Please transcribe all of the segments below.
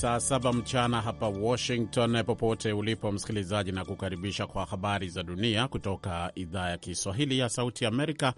saa saba mchana hapa Washington. Popote ulipo msikilizaji, na kukaribisha kwa habari za dunia kutoka idhaa ya Kiswahili ya Sauti Amerika.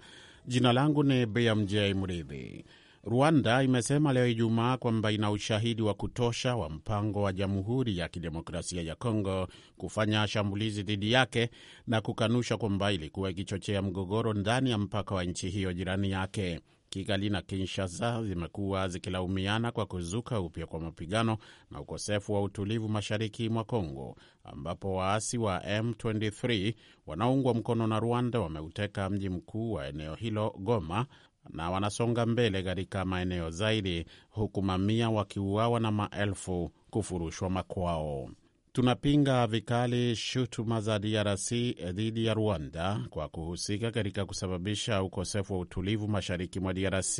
Jina langu ni BMJ Mridhi. Rwanda imesema leo Ijumaa kwamba ina ushahidi wa kutosha wa mpango wa Jamhuri ya Kidemokrasia ya Kongo kufanya shambulizi dhidi yake na kukanusha kwamba ilikuwa ikichochea mgogoro ndani ya mpaka wa nchi hiyo jirani yake. Kigali na Kinshasa zimekuwa zikilaumiana kwa kuzuka upya kwa mapigano na ukosefu wa utulivu mashariki mwa Kongo, ambapo waasi wa M23 wanaungwa mkono na Rwanda wameuteka mji mkuu wa eneo hilo Goma na wanasonga mbele katika maeneo zaidi, huku mamia wakiuawa na maelfu kufurushwa makwao. Tunapinga vikali shutuma za DRC eh, dhidi ya Rwanda kwa kuhusika katika kusababisha ukosefu wa utulivu mashariki mwa DRC.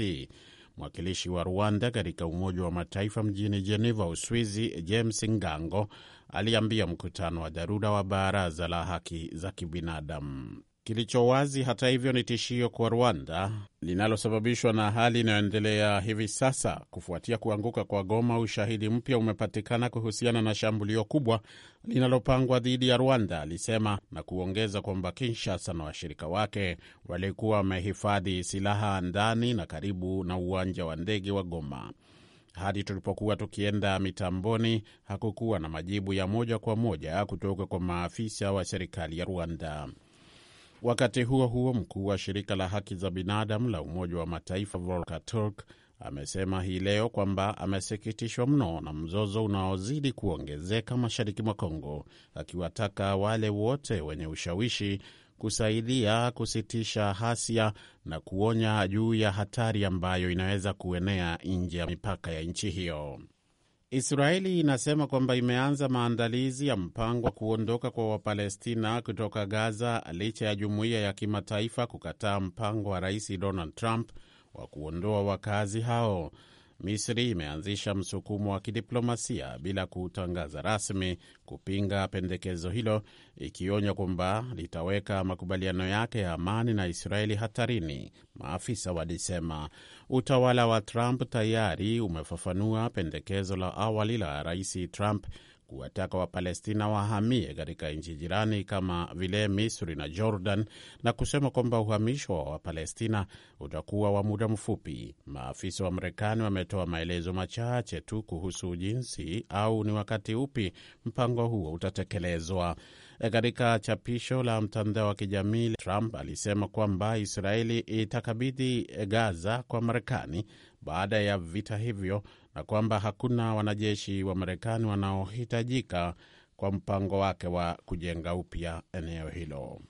Mwakilishi wa Rwanda katika Umoja wa Mataifa mjini Geneva, Uswizi, James Ngango aliambia mkutano wa dharura wa Baraza la Haki za Kibinadamu Kilicho wazi hata hivyo ni tishio kwa Rwanda linalosababishwa na hali inayoendelea hivi sasa kufuatia kuanguka kwa Goma. Ushahidi mpya umepatikana kuhusiana na shambulio kubwa linalopangwa dhidi ya Rwanda, alisema na kuongeza kwamba Kinshasa na washirika wake walikuwa wamehifadhi silaha ndani na karibu na uwanja wa ndege wa Goma. Hadi tulipokuwa tukienda mitamboni, hakukuwa na majibu ya moja kwa moja kutoka kwa maafisa wa serikali ya Rwanda. Wakati huo huo, mkuu wa shirika la haki za binadamu la Umoja wa Mataifa Volker Turk amesema hii leo kwamba amesikitishwa mno na mzozo unaozidi kuongezeka mashariki mwa Kongo, akiwataka wale wote wenye ushawishi kusaidia kusitisha hasia na kuonya juu ya hatari ambayo inaweza kuenea nje ya mipaka ya nchi hiyo. Israeli inasema kwamba imeanza maandalizi ya mpango wa kuondoka kwa Wapalestina kutoka Gaza licha ya jumuiya ya kimataifa kukataa mpango wa Rais Donald Trump wa kuondoa wakazi hao. Misri imeanzisha msukumo wa kidiplomasia bila kutangaza rasmi kupinga pendekezo hilo, ikionya kwamba litaweka makubaliano yake ya amani na Israeli hatarini, maafisa walisema. Utawala wa Trump tayari umefafanua pendekezo la awali la Rais Trump kuwataka Wapalestina wahamie katika nchi jirani kama vile Misri na Jordan na kusema kwamba uhamisho wa Wapalestina utakuwa wa muda mfupi. Maafisa wa Marekani wametoa maelezo machache tu kuhusu jinsi au ni wakati upi mpango huo utatekelezwa. E, katika chapisho la mtandao wa kijamii, Trump alisema kwamba Israeli itakabidhi Gaza kwa Marekani baada ya vita hivyo na kwamba hakuna wanajeshi wa Marekani wanaohitajika kwa mpango wake wa kujenga upya eneo hilo.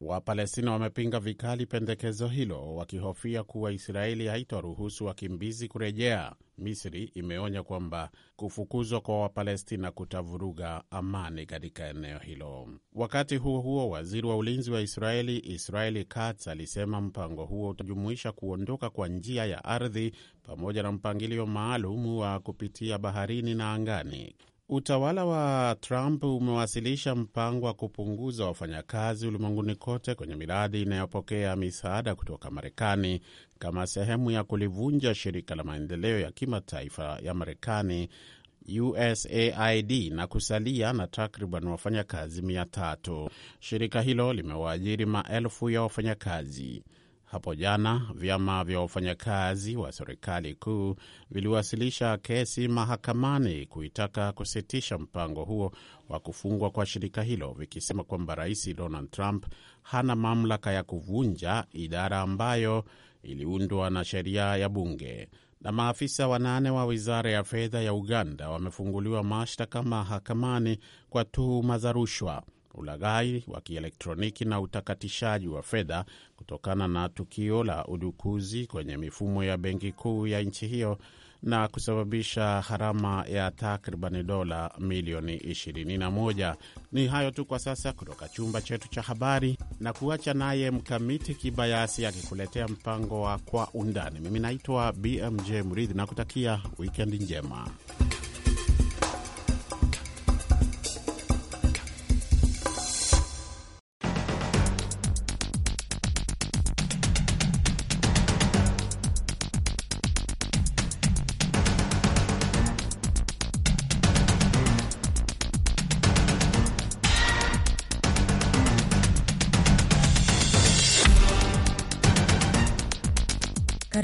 Wapalestina wamepinga vikali pendekezo hilo wakihofia kuwa Israeli ruhusu wakimbizi kurejea. Misri imeonya kwamba kufukuzwa kwa Wapalestina kutavuruga amani katika eneo hilo. Wakati huo huo, waziri wa ulinzi wa Israeli Israeli Katz alisema mpango huo utajumuisha kuondoka kwa njia ya ardhi pamoja na mpangilio maalum wa kupitia baharini na angani. Utawala wa Trump umewasilisha mpango wa kupunguza wafanyakazi ulimwenguni kote kwenye miradi inayopokea misaada kutoka Marekani kama sehemu ya kulivunja shirika la maendeleo ya kimataifa ya Marekani USAID na kusalia na takriban wafanyakazi mia tatu. Shirika hilo limewaajiri maelfu ya wafanyakazi. Hapo jana vyama vya wafanyakazi wa serikali kuu viliwasilisha kesi mahakamani kuitaka kusitisha mpango huo wa kufungwa kwa shirika hilo, vikisema kwamba Rais Donald Trump hana mamlaka ya kuvunja idara ambayo iliundwa na sheria ya bunge. Na maafisa wanane wa wizara ya fedha ya Uganda wamefunguliwa mashtaka mahakamani kwa tuhuma za rushwa ulaghai wa kielektroniki na utakatishaji wa fedha kutokana na tukio la udukuzi kwenye mifumo ya benki kuu ya nchi hiyo na kusababisha gharama ya takriban dola milioni 21. Ni hayo tu kwa sasa kutoka chumba chetu cha habari, na kuacha naye Mkamiti Kibayasi akikuletea mpango wa Kwa Undani. Mimi naitwa BMJ Mridhi na kutakia wikendi njema.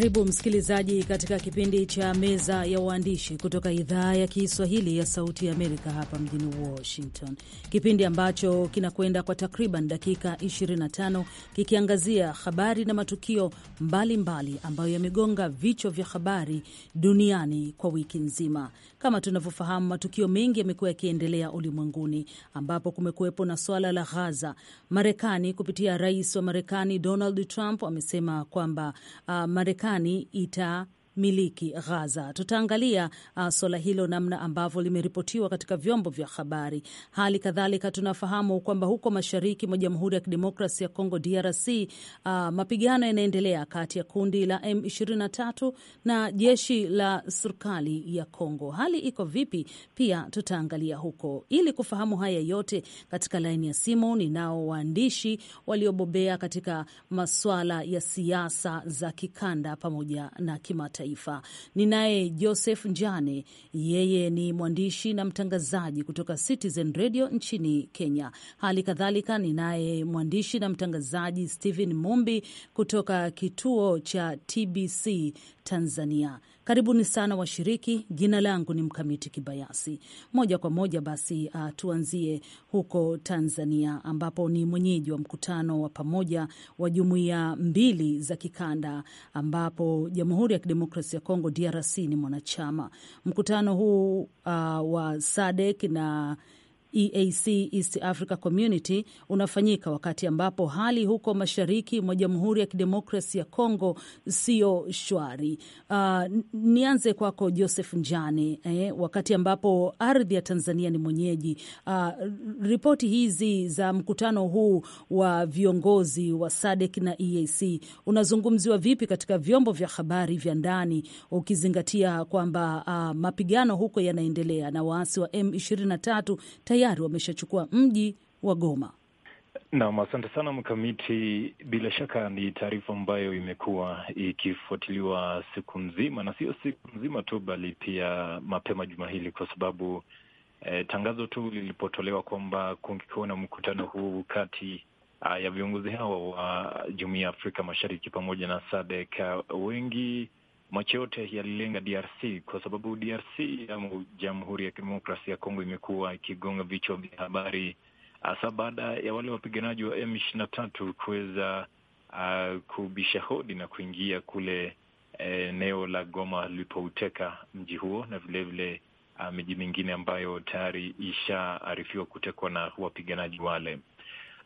Karibu msikilizaji katika kipindi cha meza ya waandishi kutoka idhaa ya Kiswahili ya Sauti ya Amerika hapa mjini Washington, kipindi ambacho kinakwenda kwa takriban dakika 25 kikiangazia habari na matukio mbalimbali mbali ambayo yamegonga vichwa vya habari duniani kwa wiki nzima. Kama tunavyofahamu, matukio mengi yamekuwa yakiendelea ulimwenguni, ambapo kumekuwepo na swala la Ghaza. Marekani kupitia rais wa Marekani Donald Trump amesema kwamba uh, Marekani Marekani ita miliki Gaza. Tutaangalia uh, suala hilo namna ambavyo limeripotiwa katika vyombo vya habari. Hali kadhalika tunafahamu kwamba huko mashariki mwa Jamhuri ya Kidemokrasi ya Kongo DRC, uh, mapigano yanaendelea kati ya kundi la M23 na jeshi la serikali ya Kongo. Hali iko vipi? Pia tutaangalia huko. Ili kufahamu haya yote, katika laini ya simu ninao waandishi waliobobea katika masuala ya siasa za kikanda pamoja na kimataifa. Taifa. Ninaye Joseph Njane, yeye ni mwandishi na mtangazaji kutoka Citizen Radio nchini Kenya. Hali kadhalika ninaye mwandishi na mtangazaji Stephen Mumbi kutoka kituo cha TBC Tanzania. Karibuni sana washiriki. Jina langu ni Mkamiti Kibayasi. Moja kwa moja basi, uh, tuanzie huko Tanzania ambapo ni mwenyeji wa mkutano wa pamoja wa jumuiya mbili za kikanda ambapo Jamhuri ya kidemokrasi ya Kongo DRC ni mwanachama. Mkutano huu uh, wa SADC na EAC East Africa Community unafanyika wakati ambapo hali huko mashariki mwa Jamhuri ya Kidemokrasi ya Kongo sio shwari. Uh, nianze kwako Joseph Njane, eh, wakati ambapo ardhi ya Tanzania ni mwenyeji. Uh, ripoti hizi za mkutano huu wa viongozi wa SADC na EAC unazungumziwa vipi katika vyombo vya habari vya ndani ukizingatia kwamba uh, mapigano huko yanaendelea na waasi wa M23 tayari wameshachukua mji wa Goma. Naam, asante sana Mkamiti. Bila shaka ni taarifa ambayo imekuwa ikifuatiliwa siku nzima, na sio siku nzima tu, bali pia mapema juma hili, kwa sababu eh, tangazo tu lilipotolewa kwamba kungekuwa na mkutano huu kati ah, ya viongozi hawa wa Jumuiya ya Afrika Mashariki pamoja na SADC, ah, wengi macho yote yalilenga DRC kwa sababu DRC ama Jamhuri ya Kidemokrasia ya Kongo imekuwa ikigonga vichwa vya habari hasa baada ya wale wapiganaji wa M 23 na tatu kuweza uh, kubisha hodi na kuingia kule eh, eneo la Goma lilipouteka mji huo na vilevile uh, ah, miji mingine ambayo tayari ishaarifiwa kutekwa na wapiganaji wale.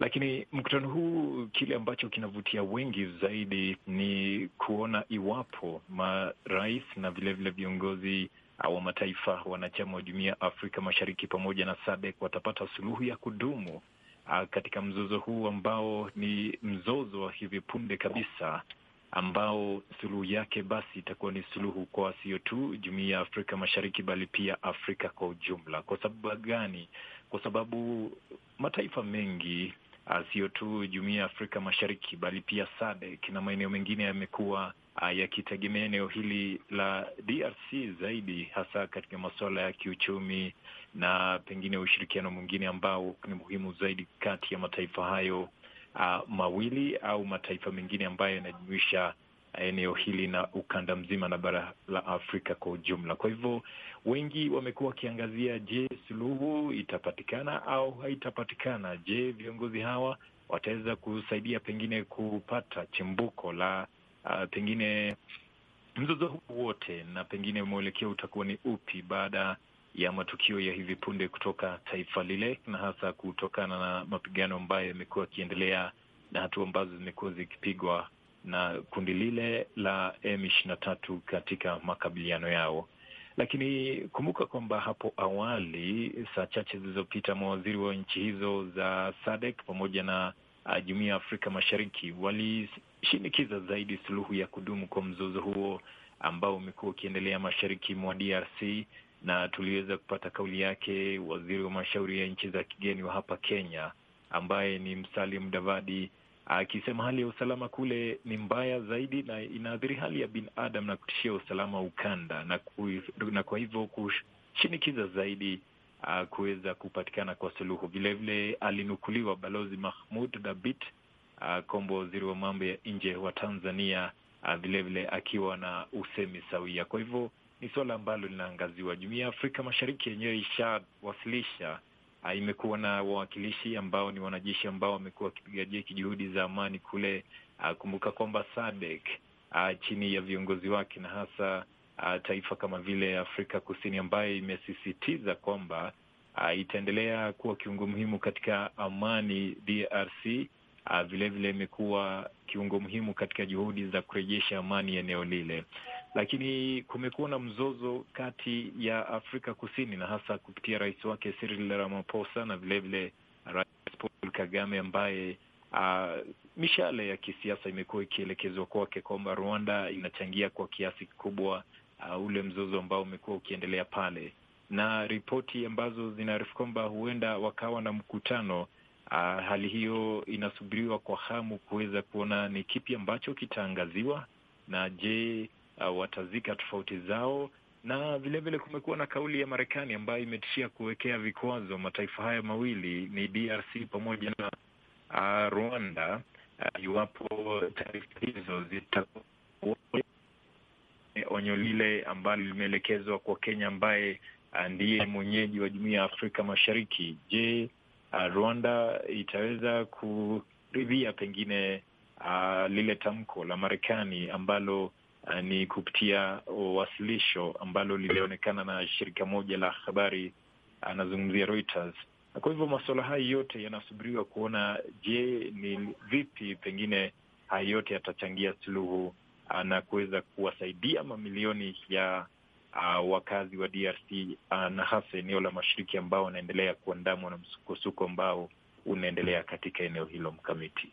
Lakini mkutano huu kile ambacho kinavutia wengi zaidi ni kuona iwapo marais na vilevile viongozi ah, wa mataifa wanachama wa jumuiya ya Afrika Mashariki pamoja na SADC watapata suluhu ya kudumu ah, katika mzozo huu ambao ni mzozo wa hivi punde kabisa, ambao suluhu yake basi itakuwa ni suluhu kwa sio tu jumuiya ya Afrika Mashariki bali pia Afrika kwa ujumla. Kwa sababu gani? Kwa sababu mataifa mengi Ah, sio tu jumuia ya Afrika Mashariki bali pia SADC na maeneo mengine yamekuwa ah, yakitegemea eneo hili la DRC zaidi, hasa katika masuala ya kiuchumi na pengine ushirikiano mwingine ambao ni muhimu zaidi kati ya mataifa hayo a, ah, mawili au mataifa mengine ambayo yanajumuisha eneo hili na ukanda mzima na bara la Afrika kwa ujumla. Kwa hivyo wengi wamekuwa wakiangazia, je, suluhu itapatikana au haitapatikana? Je, viongozi hawa wataweza kusaidia pengine kupata chimbuko la uh, pengine mzozo huu wote, na pengine mwelekeo utakuwa ni upi baada ya matukio ya hivi punde kutoka taifa lile, na hasa kutokana na mapigano ambayo yamekuwa yakiendelea na hatua ambazo zimekuwa zikipigwa na kundi lile la M ishirini na tatu katika makabiliano yao. Lakini kumbuka kwamba hapo awali, saa chache zilizopita, mawaziri wa nchi hizo za SADC pamoja na ah, jumuia ya Afrika Mashariki walishinikiza zaidi suluhu ya kudumu kwa mzozo huo ambao umekuwa ukiendelea mashariki mwa DRC, na tuliweza kupata kauli yake waziri wa mashauri ya nchi za kigeni wa hapa Kenya ambaye ni Msalim Davadi akisema hali ya usalama kule ni mbaya zaidi na inaathiri hali ya binadamu na kutishia usalama wa ukanda na, kui, na kwa hivyo kushinikiza zaidi uh, kuweza kupatikana kwa suluhu. Vilevile alinukuliwa Balozi Mahmud dabit uh, Kombo, waziri wa mambo ya nje wa Tanzania vilevile uh, akiwa na usemi sawia. Kwa hivyo ni suala ambalo linaangaziwa. Jumuiya ya Afrika Mashariki yenyewe ishawasilisha Ah, imekuwa na wawakilishi ambao ni wanajeshi ambao wamekuwa wakipiga jeki juhudi za amani kule. Ah, kumbuka kwamba SADC ah, chini ya viongozi wake na hasa taifa kama vile Afrika Kusini ambayo imesisitiza kwamba itaendelea kuwa kiungo muhimu katika amani DRC. Vilevile imekuwa kiungo muhimu katika juhudi za kurejesha amani eneo lile lakini kumekuwa na mzozo kati ya Afrika Kusini na hasa kupitia rais wake Cyril Ramaphosa na vilevile rais Paul Kagame ambaye uh, mishale ya kisiasa imekuwa ikielekezwa kwake kwamba Rwanda inachangia kwa kiasi kikubwa uh, ule mzozo ambao umekuwa ukiendelea pale, na ripoti ambazo zinaarifu kwamba huenda wakawa na mkutano uh, hali hiyo inasubiriwa kwa hamu kuweza kuona ni kipi ambacho kitaangaziwa na je uh, watazika tofauti zao, na vilevile kumekuwa na kauli ya Marekani ambayo imetishia kuwekea vikwazo mataifa haya mawili ni DRC pamoja na uh, Rwanda uh, iwapo taarifa hizo zita onyo lile ambalo limeelekezwa kwa Kenya ambaye uh, ndiye mwenyeji wa jumuiya ya Afrika Mashariki. Je, uh, Rwanda itaweza kuridhia pengine uh, lile tamko la Marekani ambalo Eh, ni kupitia uh, wasilisho ambalo lilionekana na shirika moja la habari anazungumzia eh, Reuters. Kwa hivyo masuala haya yote yanasubiriwa kuona, je, ni vipi pengine haya yote yatachangia suluhu eh, na kuweza kuwasaidia mamilioni ya uh, wakazi wa DRC uh, na hasa eneo la mashariki ambao wanaendelea kuandamwa na msukosuko ambao unaendelea katika eneo hilo mkamiti.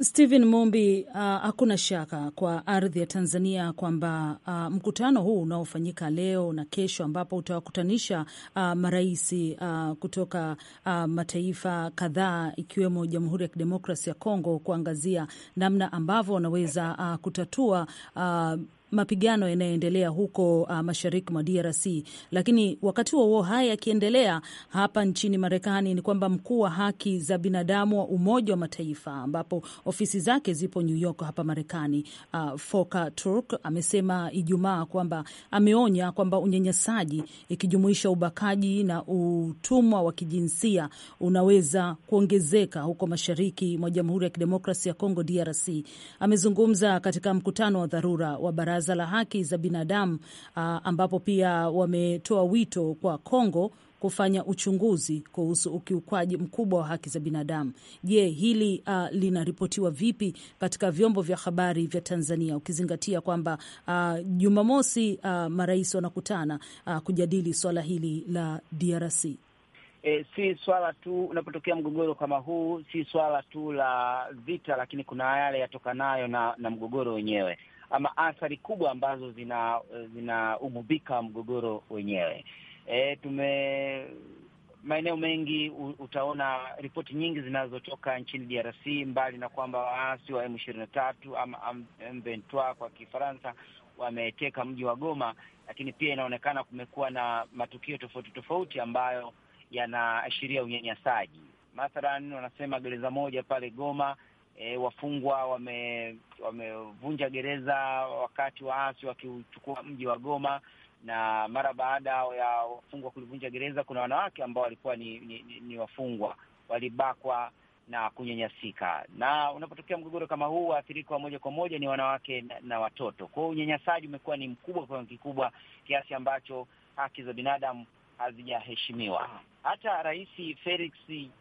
Stephen Mumbi, uh, hakuna shaka kwa ardhi ya Tanzania kwamba uh, mkutano huu unaofanyika leo na kesho ambapo utawakutanisha uh, marais uh, kutoka uh, mataifa kadhaa ikiwemo Jamhuri ya Kidemokrasi ya Kongo kuangazia namna ambavyo wanaweza uh, kutatua uh, mapigano yanayoendelea huko uh, mashariki mwa DRC. Lakini wakati huo huo, haya yakiendelea hapa nchini Marekani, ni kwamba mkuu wa haki za binadamu wa Umoja wa Mataifa ambapo ofisi zake zipo New York hapa Marekani, uh, Foka Turk amesema Ijumaa kwamba ameonya kwamba unyanyasaji ikijumuisha ubakaji na utumwa wa kijinsia unaweza kuongezeka huko mashariki mwa Jamhuri ya Kidemokrasi ya Congo, DRC. Amezungumza katika mkutano wa dharura wa bara Baraza la Haki za Binadamu uh, ambapo pia wametoa wito kwa Kongo kufanya uchunguzi kuhusu ukiukwaji mkubwa wa haki za binadamu. Je, hili uh, linaripotiwa vipi katika vyombo vya habari vya Tanzania ukizingatia kwamba uh, Jumamosi uh, marais wanakutana uh, kujadili swala hili la DRC? E, si swala tu unapotokea mgogoro kama huu, si swala tu la vita, lakini kuna yale yatokanayo na, na mgogoro wenyewe ama athari kubwa ambazo zinaugubika zina mgogoro wenyewe. E, tume maeneo mengi utaona ripoti nyingi zinazotoka nchini DRC, mbali na kwamba waasi wa M ishirini na tatu ama M23 kwa Kifaransa wameteka mji wa Goma, lakini pia inaonekana kumekuwa na matukio tofauti tofauti ambayo yanaashiria unyanyasaji. Mathalan, wanasema gereza moja pale Goma e, wafungwa wamevunja wame gereza wakati waasi wakiuchukua mji wa Goma, na mara baada ya wafungwa kulivunja gereza, kuna wanawake ambao walikuwa ni, ni, ni, ni wafungwa walibakwa na kunyanyasika. Na unapotokea mgogoro kama huu, waathirika wa moja kwa moja ni wanawake na, na watoto. Kwa hiyo unyanyasaji umekuwa ni mkubwa kwa kikubwa kiasi ambacho haki za binadamu hazijaheshimiwa. Hata Rais Felix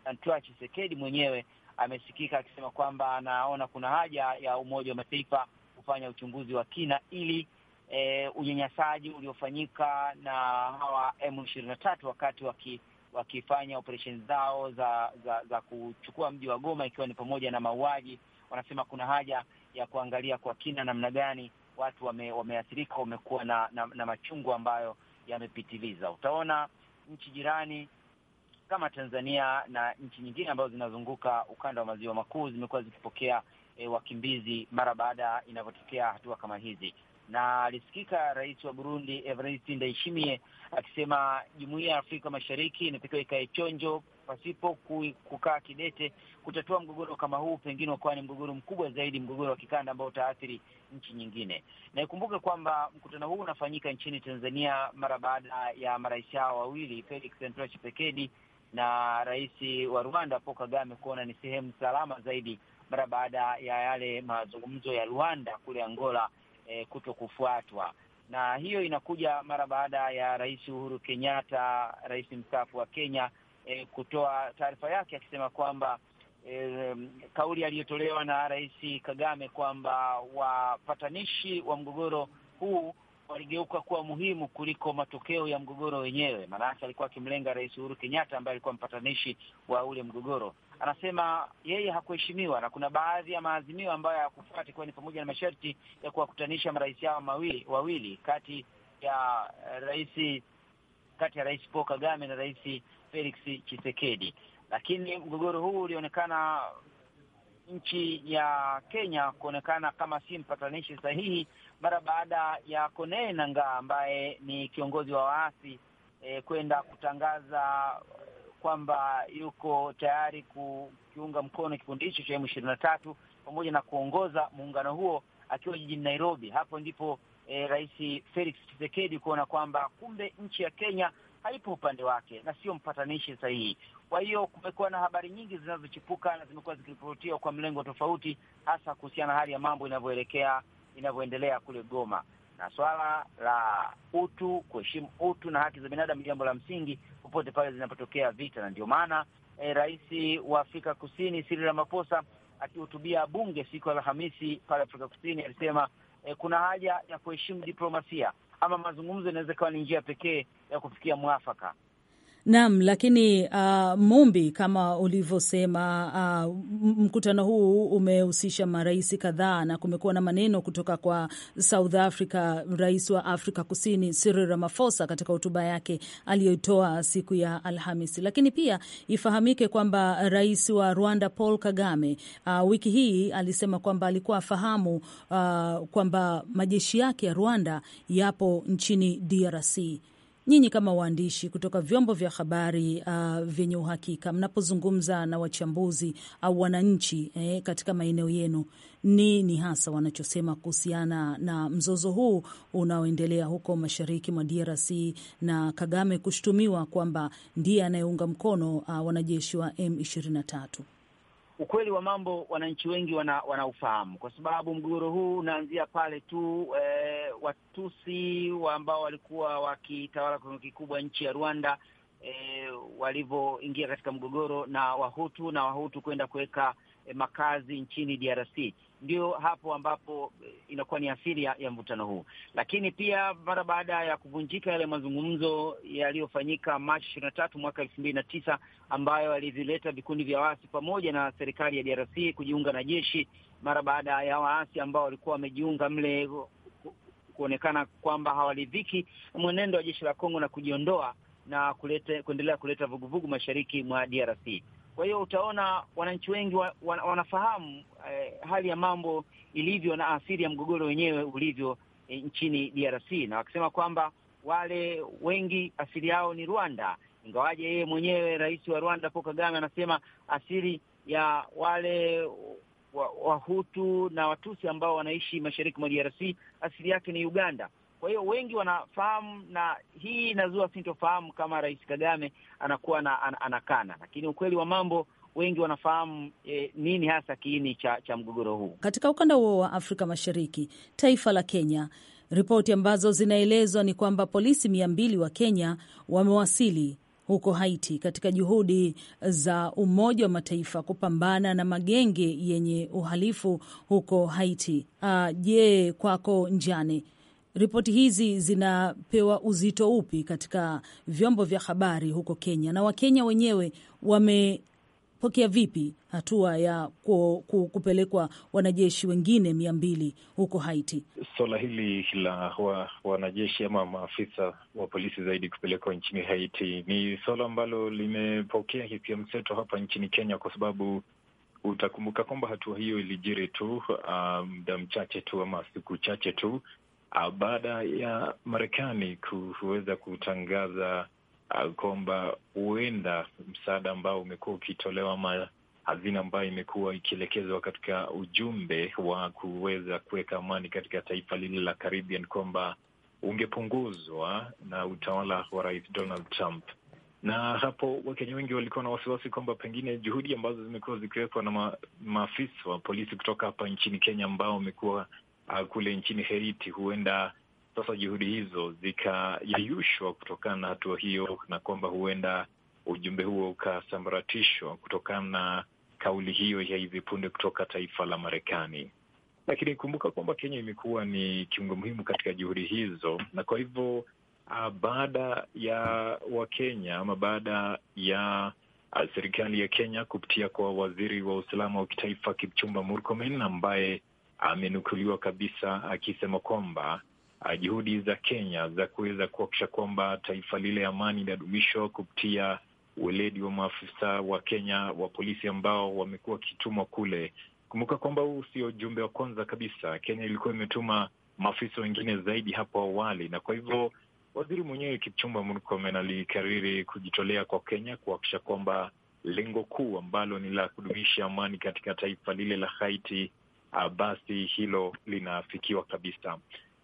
Antoine Tshisekedi mwenyewe amesikika akisema kwamba anaona kuna haja ya Umoja wa Mataifa kufanya uchunguzi wa kina ili e, unyanyasaji uliofanyika na hawa M ishirini na tatu wakati waki wakifanya operesheni zao za, za za kuchukua mji wa Goma ikiwa ni pamoja na mauaji. Wanasema kuna haja ya kuangalia kwa kina namna gani watu wame, wameathirika wamekuwa na, na, na machungu ambayo yamepitiliza. Utaona nchi jirani kama Tanzania na nchi nyingine ambazo zinazunguka ukanda wa maziwa makuu zimekuwa zikipokea e, wakimbizi mara baada inavyotokea hatua kama hizi, na alisikika rais wa Burundi Evariste Ndayishimiye akisema jumuiya ya Afrika Mashariki inatakiwa ikae chonjo pasipo kukaa kidete kutatua mgogoro kama huu, pengine ukawa ni mgogoro mkubwa zaidi, mgogoro wa kikanda ambao utaathiri nchi nyingine. Na ikumbuke kwamba mkutano huu unafanyika nchini Tanzania mara baada ya marais hao wawili Felix Antoine Tshisekedi na rais wa Rwanda Paul Kagame kuona ni sehemu salama zaidi mara baada ya yale mazungumzo ya Rwanda kule Angola e, eh, kuto kufuatwa na hiyo inakuja mara baada ya Rais Uhuru Kenyatta, rais mstaafu wa Kenya e, kutoa taarifa yake akisema kwamba e, kauli aliyotolewa na Rais Kagame kwamba wapatanishi wa mgogoro huu waligeuka kuwa muhimu kuliko matokeo ya mgogoro wenyewe. Maanake alikuwa akimlenga Rais Uhuru Kenyatta ambaye alikuwa mpatanishi wa ule mgogoro. Anasema yeye hakuheshimiwa na kuna baadhi ya maazimio ambayo hayakufuata, ikiwa ni pamoja na masharti ya kuwakutanisha marais hao mawili wawili, kati ya eh, rais kati ya Rais Paul Kagame na Rais Felix chisekedi Lakini mgogoro huu ulionekana nchi ya Kenya kuonekana kama si mpatanishi sahihi mara baada ya Kone Nangaa ambaye ni kiongozi wa waasi e, kwenda kutangaza e, kwamba yuko tayari kukiunga mkono kikundi hicho cha m tatu pamoja na kuongoza muungano huo akiwa jijini Nairobi. Hapo ndipo e, Rais Felix Tshisekedi kuona kwamba kumbe nchi ya Kenya haipo upande wake na sio mpatanishi sahihi. Kwa hiyo kumekuwa na habari nyingi zinazochipuka na zimekuwa zikiripotiwa kwa mlengo tofauti, hasa kuhusiana na hali ya mambo inavyoelekea inavyoendelea kule Goma, na swala la utu, kuheshimu utu na haki za binadamu ni jambo la msingi popote pale zinapotokea vita, na ndio maana e, rais wa Afrika Kusini Cyril Ramaphosa akihutubia bunge siku ya Alhamisi pale Afrika Kusini alisema e, kuna haja ya kuheshimu diplomasia ama mazungumzo inaweza ikawa ni njia pekee ya kufikia mwafaka. Naam, lakini uh, Mumbi, kama ulivyosema, uh, mkutano huu umehusisha marais kadhaa na kumekuwa na maneno kutoka kwa South Africa. Rais wa Afrika Kusini Cyril Ramaphosa katika hotuba yake aliyoitoa siku ya Alhamisi, lakini pia ifahamike kwamba rais wa Rwanda Paul Kagame uh, wiki hii alisema kwamba alikuwa afahamu uh, kwamba majeshi yake ya Rwanda yapo nchini DRC nyinyi kama waandishi kutoka vyombo vya habari uh, vyenye uhakika mnapozungumza na wachambuzi au wananchi eh, katika maeneo yenu, nini hasa wanachosema kuhusiana na mzozo huu unaoendelea huko mashariki mwa DRC na Kagame kushutumiwa kwamba ndiye anayeunga mkono uh, wanajeshi wa M23? ukweli wa mambo wananchi wengi wanaufahamu, wana kwa sababu mgogoro huu unaanzia pale tu e, Watusi ambao walikuwa wakitawala kwa kikubwa nchi ya Rwanda e, walivyoingia katika mgogoro na Wahutu na Wahutu kwenda kuweka e, makazi nchini DRC ndio hapo ambapo eh, inakuwa ni asili ya mvutano huu. Lakini pia mara baada ya kuvunjika yale mazungumzo yaliyofanyika Machi ishirini na tatu mwaka elfu mbili na tisa ambayo alivileta vikundi vya waasi pamoja na serikali ya DRC kujiunga na jeshi, mara baada ya waasi ambao walikuwa wamejiunga mle kuonekana kwamba hawaridhiki mwenendo wa jeshi la Kongo na kujiondoa na kulete, kuendelea kuleta vuguvugu mashariki mwa DRC. Kwa hiyo utaona wananchi wengi wanafahamu eh, hali ya mambo ilivyo na asili ya mgogoro wenyewe ulivyo eh, nchini DRC, na wakisema kwamba wale wengi asili yao ni Rwanda, ingawaje yeye mwenyewe rais wa Rwanda Paul Kagame anasema asili ya wale Wahutu wa na Watusi ambao wanaishi mashariki mwa DRC asili yake ni Uganda. Kwa hiyo wengi wanafahamu, na hii inazua sintofahamu kama Rais Kagame anakuwa na, an, anakana, lakini ukweli wa mambo wengi wanafahamu e, nini hasa kiini cha, cha mgogoro huu katika ukanda huo wa Afrika Mashariki. Taifa la Kenya, ripoti ambazo zinaelezwa ni kwamba polisi mia mbili wa Kenya wamewasili huko Haiti katika juhudi za Umoja wa Mataifa kupambana na magenge yenye uhalifu huko Haiti. Ah, je, kwako Njane, ripoti hizi zinapewa uzito upi katika vyombo vya habari huko Kenya, na Wakenya wenyewe wamepokea vipi hatua ya kupelekwa wanajeshi wengine mia mbili huko Haiti? Suala hili la wa, wanajeshi ama maafisa wa polisi zaidi kupelekwa nchini Haiti ni suala ambalo limepokea hisia mseto hapa nchini Kenya kwa sababu utakumbuka kwamba hatua hiyo ilijiri tu ah, muda um, mchache tu ama siku chache tu Ah, baada ya Marekani kuweza kutangaza ah, kwamba huenda msaada ambao umekuwa ukitolewa ama hazina ambayo imekuwa ikielekezwa katika ujumbe wa kuweza kuweka amani katika taifa lile la Caribbean kwamba ungepunguzwa na utawala wa Rais Donald Trump. Na hapo Wakenya wengi walikuwa na wasiwasi kwamba pengine juhudi ambazo zimekuwa zikiwekwa na ma, maafisa wa polisi kutoka hapa nchini Kenya ambao wamekuwa uh, kule nchini Haiti. Huenda sasa juhudi hizo zikayayushwa kutokana na hatua hiyo, na kwamba huenda ujumbe huo ukasambaratishwa kutokana na kauli hiyo ya hivi punde kutoka taifa la Marekani. Lakini kumbuka kwamba Kenya imekuwa ni kiungo muhimu katika juhudi hizo, na kwa hivyo uh, baada ya Wakenya ama baada ya ah, serikali ya Kenya kupitia kwa waziri wa usalama wa kitaifa Kipchumba Murkomen ambaye amenukuliwa kabisa akisema kwamba ah, juhudi za Kenya za kuweza kuhakikisha kwamba taifa lile amani inadumishwa kupitia weledi wa maafisa wa Kenya wa polisi ambao wamekuwa wakitumwa kule. Kumbuka kwamba huu sio ujumbe wa kwanza kabisa. Kenya ilikuwa imetuma maafisa wengine zaidi hapo awali, na kwa hivyo waziri mwenyewe Kipchumba Murkomen alikariri kujitolea kwa Kenya kuhakikisha kwamba lengo kuu ambalo ni la kudumisha amani katika taifa lile la Haiti uh, basi hilo linafikiwa kabisa.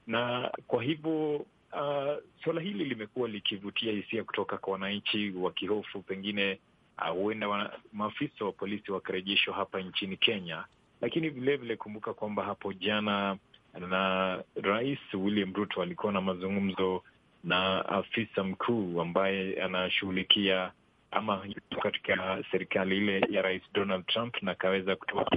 Na kwa hivyo uh, ah, suala hili limekuwa likivutia hisia kutoka kwa wananchi wakihofu pengine ah, huenda uh, maafisa wa polisi wakarejeshwa hapa nchini Kenya, lakini vilevile kumbuka kwamba hapo jana na Rais William Ruto alikuwa na mazungumzo na afisa mkuu ambaye anashughulikia ama katika serikali ile ya Rais Donald Trump na akaweza kutoa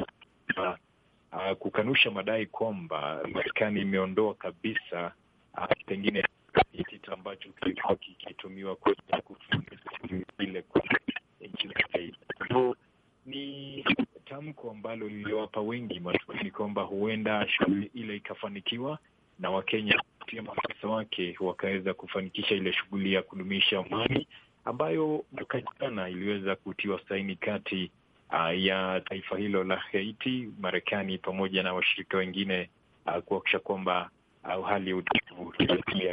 uh, kukanusha madai kwamba Marekani imeondoa kabisa uh, pengine kitita ambacho kilikuwa kikitumiwa ile nchini. Ni tamko ambalo liliwapa wengi matumaini kwamba huenda shughuli ile ikafanikiwa na Wakenya kupitia maafisa wake wakaweza kufanikisha ile shughuli ya kudumisha amani ambayo mwaka jana iliweza kutiwa saini kati uh, ya taifa hilo la Haiti, Marekani pamoja na washirika wengine uh, ah, kuakisha kwamba uh, hali ya utulivu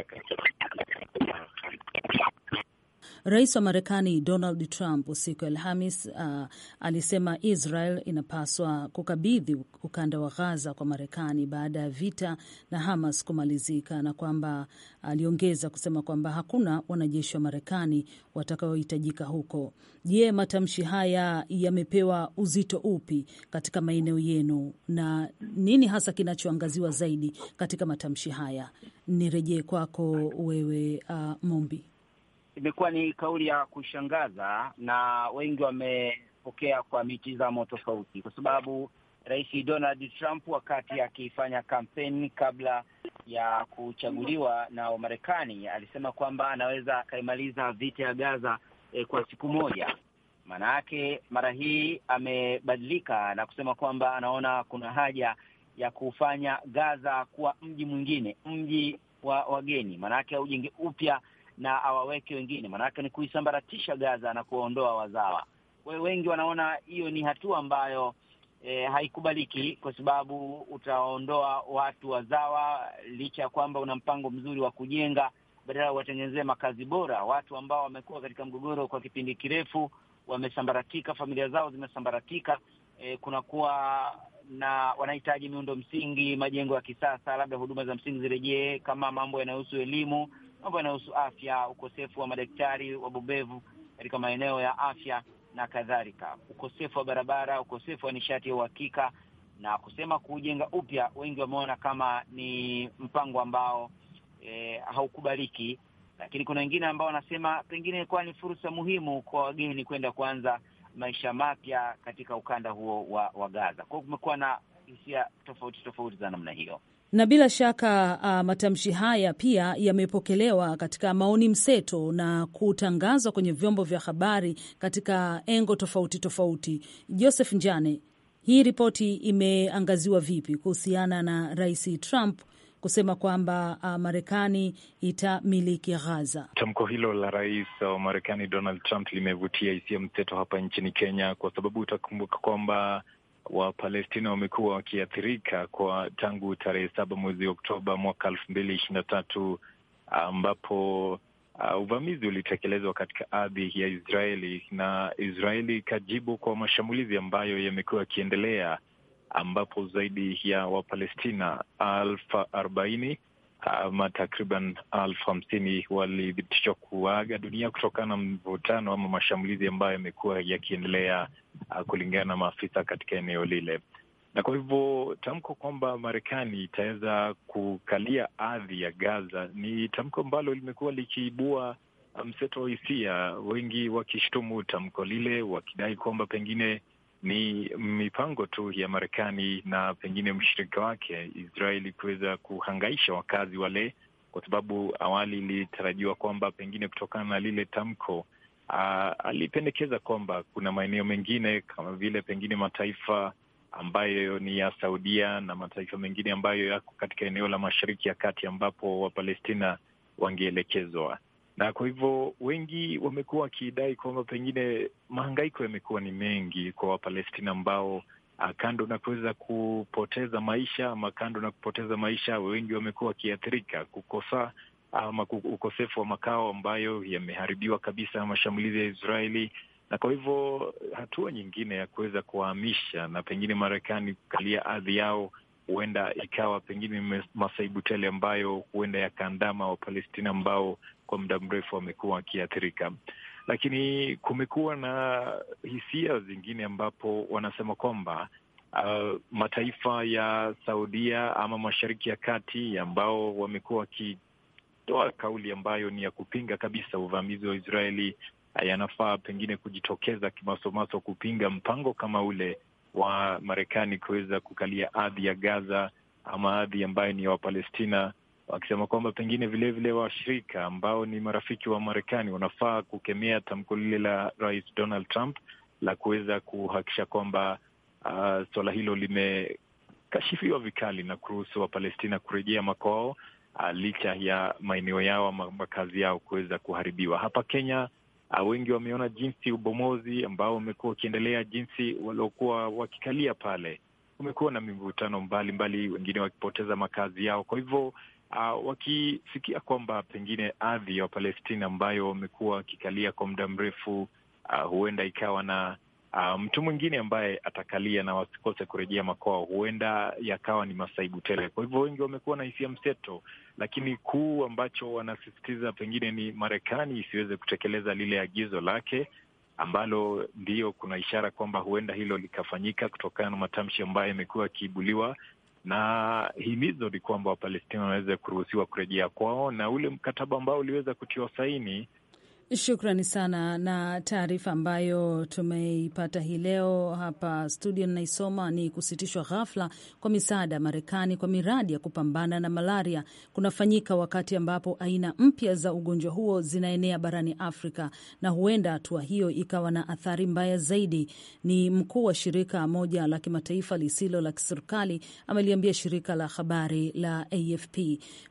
katika Rais wa Marekani Donald Trump usiku ya Alhamis uh, alisema Israel inapaswa kukabidhi ukanda wa Gaza kwa Marekani baada ya vita na Hamas kumalizika, na kwamba aliongeza kusema kwamba hakuna wanajeshi wa Marekani watakaohitajika huko. Je, matamshi haya yamepewa uzito upi katika maeneo yenu na nini hasa kinachoangaziwa zaidi katika matamshi haya? Nirejee kwako wewe, uh, Mombi imekuwa ni kauli ya kushangaza na wengi wamepokea kwa mitizamo tofauti, kwa sababu Rais Donald Trump wakati akifanya kampeni kabla ya kuchaguliwa na Wamarekani alisema kwamba anaweza akaimaliza vita ya Gaza eh, kwa siku moja. Maana yake mara hii amebadilika na kusema kwamba anaona kuna haja ya kufanya Gaza kuwa mji mwingine, mji wa wageni, maana yake aujenge upya na awaweke wengine, maanake ni kuisambaratisha Gaza na kuwaondoa wazawa. Kwa hiyo wengi wanaona hiyo ni hatua ambayo e, haikubaliki kwa sababu utaondoa watu wazawa, licha ya kwamba una mpango mzuri wa kujenga, badala uwatengenezee makazi bora watu ambao wamekuwa katika mgogoro kwa kipindi kirefu, wamesambaratika, familia zao zimesambaratika. E, kunakuwa na wanahitaji miundo msingi, majengo ya kisasa, labda huduma za msingi zirejee, kama mambo yanayohusu elimu mambo yanayohusu afya, ukosefu wa madaktari wabobevu katika maeneo ya afya na kadhalika, ukosefu wa barabara, ukosefu wa nishati ya uhakika na kusema kujenga upya, wengi wameona kama ni mpango ambao e, haukubaliki, lakini kuna wengine ambao wanasema pengine ilikuwa ni fursa muhimu kwa wageni kwenda kuanza maisha mapya katika ukanda huo wa, wa Gaza. Kwa hiyo kumekuwa na hisia tofauti tofauti za namna hiyo na bila shaka uh, matamshi haya pia yamepokelewa katika maoni mseto na kutangazwa kwenye vyombo vya habari katika engo tofauti tofauti. Joseph Njane, hii ripoti imeangaziwa vipi kuhusiana na Rais Trump kusema kwamba uh, Marekani itamiliki Ghaza. Tamko hilo la rais wa Marekani Donald Trump limevutia hisia mseto hapa nchini Kenya, kwa sababu utakumbuka kwamba Wapalestina wamekuwa wakiathirika kwa tangu tarehe saba mwezi Oktoba mwaka elfu mbili ishirini na tatu ambapo uh, uvamizi ulitekelezwa katika ardhi ya Israeli na Israeli ikajibu kwa mashambulizi ambayo yamekuwa yakiendelea ambapo zaidi ya Wapalestina elfu arobaini ama takriban elfu hamsini walithibitishwa kuaga dunia kutokana na mvutano ama mashambulizi ambayo yamekuwa yakiendelea uh, kulingana na maafisa katika eneo lile na kwa hivyo tamko kwamba Marekani itaweza kukalia ardhi ya Gaza ni tamko ambalo limekuwa likiibua uh, mseto wa hisia, wengi wakishtumu tamko lile, wakidai kwamba pengine ni mipango tu ya Marekani na pengine mshirika wake Israeli kuweza kuhangaisha wakazi wale, kwa sababu awali ilitarajiwa kwamba pengine kutokana na lile tamko Uh, alipendekeza kwamba kuna maeneo mengine kama vile pengine mataifa ambayo ni ya Saudia na mataifa mengine ambayo yako katika eneo la Mashariki ya Kati ambapo Wapalestina wangeelekezwa na kwa hivyo wengi wamekuwa wakidai kwamba pengine mahangaiko yamekuwa ni mengi kwa Wapalestina ambao ah, kando na kuweza kupoteza maisha ama kando na kupoteza maisha, wengi wamekuwa wakiathirika kukosa ah, ama ukosefu wa makao ambayo yameharibiwa kabisa na mashambulizi ya Israeli. Na kwa hivyo hatua nyingine ya kuweza kuwahamisha na pengine Marekani kukalia ardhi yao huenda ikawa pengine masaibu tele ambayo huenda yakaandama Wapalestina ambao kwa muda mrefu wamekuwa wakiathirika, lakini kumekuwa na hisia zingine ambapo wanasema kwamba Uh, mataifa ya Saudia ama Mashariki ya Kati ambao wamekuwa wakitoa kauli ambayo ni ya kupinga kabisa uvamizi wa Israeli uh, yanafaa pengine kujitokeza kimasomaso kupinga mpango kama ule wa Marekani kuweza kukalia ardhi ya Gaza ama ardhi ambayo ni ya Wapalestina wakisema kwamba pengine vilevile washirika ambao ni marafiki wa Marekani wanafaa kukemea tamko lile la Rais Donald Trump la kuweza kuhakikisha kwamba uh, suala hilo limekashifiwa vikali na kuruhusu Wapalestina kurejea makwao uh, licha ya maeneo yao ama makazi yao kuweza kuharibiwa. Hapa Kenya uh, wengi wameona jinsi ubomozi ambao umekuwa wakiendelea, jinsi waliokuwa wakikalia pale, kumekuwa na mivutano mbalimbali, wengine wakipoteza makazi yao, kwa hivyo uh, wakisikia kwamba pengine ardhi ya Wapalestina ambayo wamekuwa wakikalia kwa muda mrefu uh, huenda ikawa na uh, mtu mwingine ambaye atakalia na wasikose kurejea makwao, huenda yakawa ni masaibu tele. Kwa hivyo wengi wamekuwa na hisia mseto, lakini kuu ambacho wanasisitiza pengine ni Marekani isiweze kutekeleza lile agizo lake ambalo ndiyo kuna ishara kwamba huenda hilo likafanyika kutokana na matamshi ambayo yamekuwa yakiibuliwa na himizo ni kwamba Wapalestina waweze kuruhusiwa kurejea kwao, na ule mkataba ambao uliweza kutiwa saini Shukrani sana na taarifa ambayo tumeipata hii leo hapa studio, ninaisoma ni kusitishwa ghafla kwa misaada ya Marekani kwa miradi ya kupambana na malaria kunafanyika wakati ambapo aina mpya za ugonjwa huo zinaenea barani Afrika, na huenda hatua hiyo ikawa na athari mbaya zaidi. Ni mkuu wa shirika moja la kimataifa lisilo la kiserikali ameliambia shirika la habari la AFP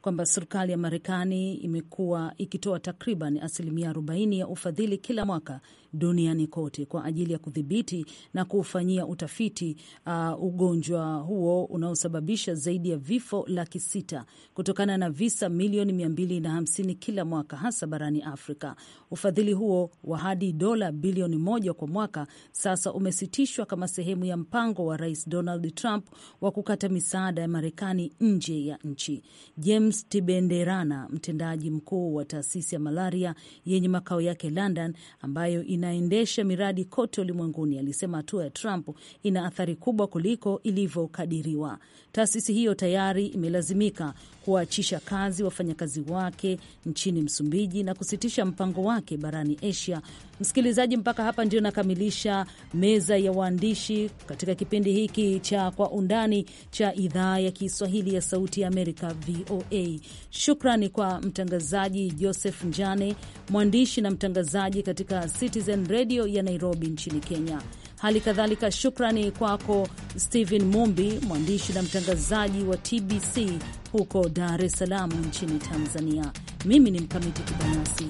kwamba serikali ya Marekani imekuwa ikitoa takriban asilimia arobaini ya ufadhili kila mwaka duniani kote kwa ajili ya kudhibiti na kuufanyia utafiti uh, ugonjwa huo unaosababisha zaidi ya vifo laki sita kutokana na visa milioni 250 kila mwaka hasa barani Afrika. Ufadhili huo wa hadi dola bilioni moja kwa mwaka sasa umesitishwa kama sehemu ya mpango wa Rais Donald Trump wa kukata misaada ya Marekani nje ya nchi. James Tibenderana, mtendaji mkuu wa taasisi ya malaria yenye makao yake London, ambayo inaendesha miradi kote ulimwenguni, alisema hatua ya Trump ina athari kubwa kuliko ilivyokadiriwa. Taasisi hiyo tayari imelazimika kuwaachisha kazi wafanyakazi wake nchini Msumbiji na kusitisha mpango wake barani Asia Msikilizaji, mpaka hapa ndio nakamilisha meza ya waandishi katika kipindi hiki cha Kwa Undani cha idhaa ya Kiswahili ya Sauti ya Amerika, VOA. Shukrani kwa mtangazaji Joseph Njane, mwandishi na mtangazaji katika Citizen Radio ya Nairobi nchini Kenya. Hali kadhalika shukrani kwako Stephen Mumbi, mwandishi na mtangazaji wa TBC huko Dar es Salaam nchini Tanzania. Mimi ni Mkamiti Kibayasi.